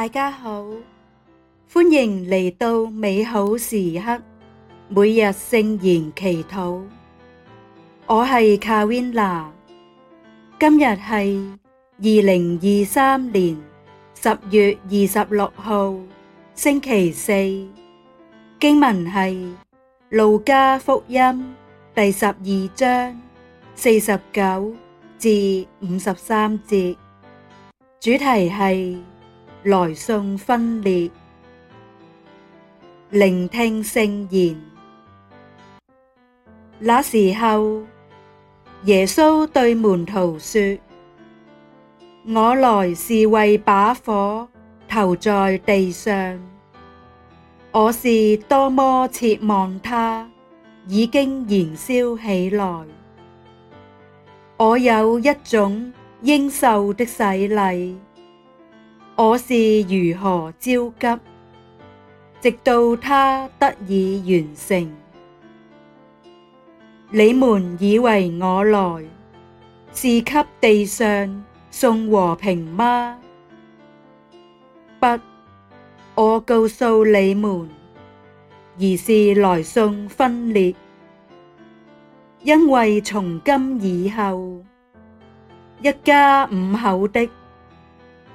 大家好，歡迎嚟到美好時刻，每日聖言祈禱。我係卡威納，今日係二零二三年十月二十六號星期四。經文係路加福音第十二章四十九至五十三節，主題係。來送分裂，聆聽聖言。那時候，耶穌對門徒說：我來是為把火投在地上。我是多麼切望它已經燃燒起來！我有一種應受的洗禮。我是如何焦急，直到它得以完成！你們以為我來是給地上送和平嗎？不，我告訴你們而是來送分裂。因為從今以後，一家五口的，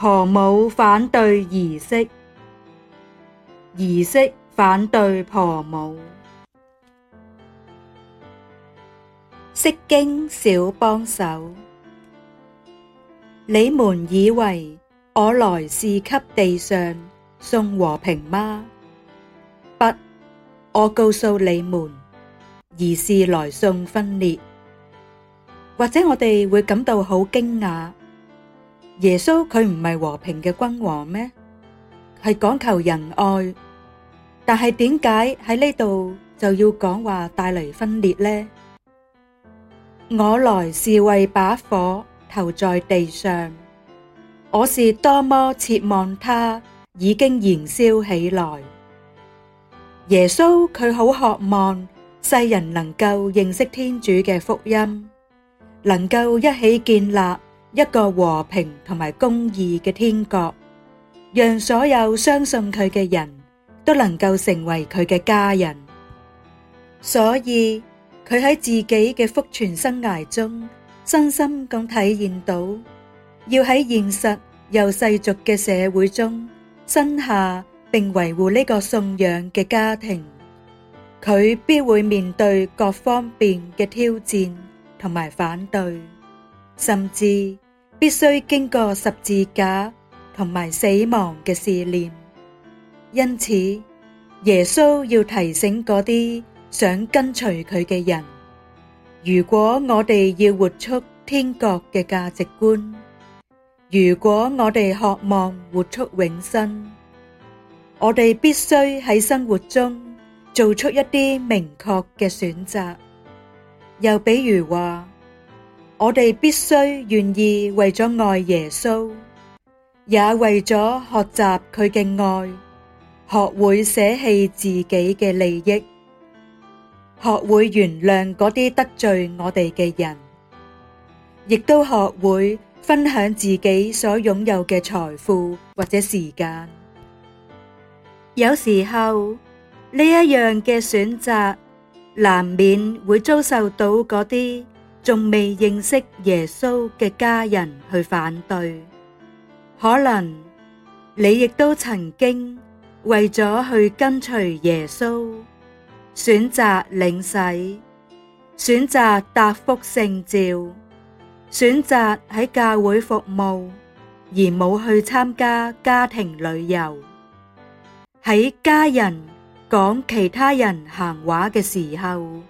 婆母反對兒媳，兒媳反對婆母。釋經小幫手，你們以為我來是給地上送和平嗎？不，我告訴你們，而是來送分裂。或者我哋會感到好驚訝。耶穌佢唔係和平嘅君王咩？係講求仁愛，但係點解喺呢度就要講話帶嚟分裂呢？我來是為把火投在地上，我是多麼切望它已經燃燒起來。耶穌佢好渴望世人能夠認識天主嘅福音，能夠一起建立。一個和平同埋公義嘅天國，讓所有相信佢嘅人都能夠成為佢嘅家人。所以佢喺自己嘅福傳生涯中，深深咁體驗到，要喺現實又世俗嘅社會中，生下並維護呢個信仰嘅家庭，佢必會面對各方面嘅挑戰同埋反對。甚至必須經過十字架同埋死亡嘅試煉，因此耶穌要提醒嗰啲想跟隨佢嘅人：如果我哋要活出天國嘅價值觀，如果我哋渴望活出永生，我哋必須喺生活中做出一啲明確嘅選擇。又比如話：我哋必須願意為咗愛耶穌，也為咗學習佢嘅愛，學會捨棄自己嘅利益，學會原諒嗰啲得罪我哋嘅人，亦都學會分享自己所擁有嘅財富或者時間。有時候呢一樣嘅選擇，難免會遭受到嗰啲。仲未認識耶穌嘅家人去反對，可能你亦都曾經為咗去跟隨耶穌，選擇領洗，選擇答覆聖召選擇喺教會服務，而冇去參加家庭旅遊。喺家人講其他人閒話嘅時候，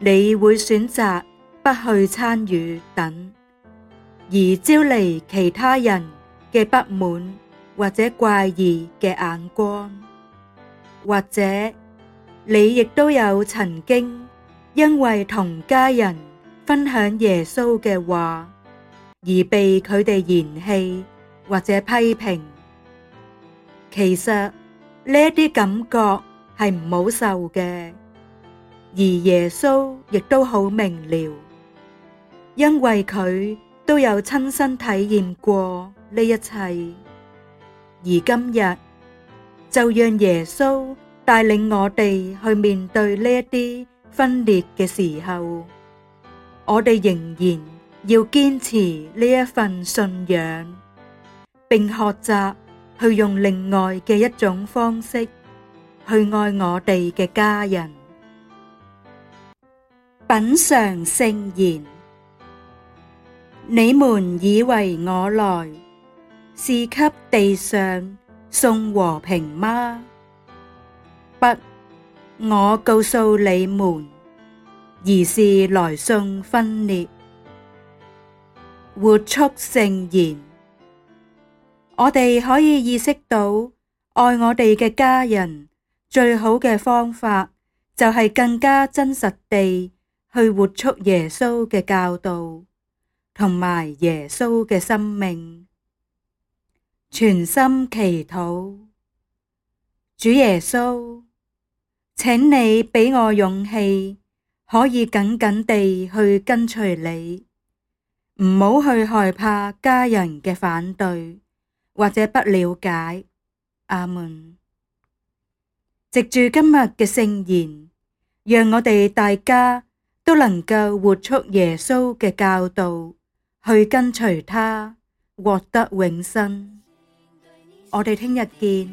你會選擇不去參與等，而招嚟其他人嘅不滿或者怪異嘅眼光，或者你亦都有曾經因為同家人分享耶穌嘅話而被佢哋嫌棄或者批評。其實呢啲感覺係唔好受嘅，而耶穌亦都好明了。因為佢都有親身體驗過呢一切，而今日就讓耶穌帶領我哋去面對呢一啲分裂嘅時候，我哋仍然要堅持呢一份信仰，並學習去用另外嘅一種方式去愛我哋嘅家人。品嘗聖言。你們以為我來是給地上送和平嗎？不，我告訴你們，而是來送分裂。活出聖言，我哋可以意識到愛我哋嘅家人最好嘅方法就係更加真實地去活出耶穌嘅教導。同埋耶穌嘅生命，全心祈禱。主耶穌，請你俾我勇氣，可以緊緊地去跟隨你，唔好去害怕家人嘅反對或者不了解。阿門。藉住今日嘅聖言，讓我哋大家都能夠活出耶穌嘅教導。去跟隨他，獲得永生，嗯我。我哋聽日見。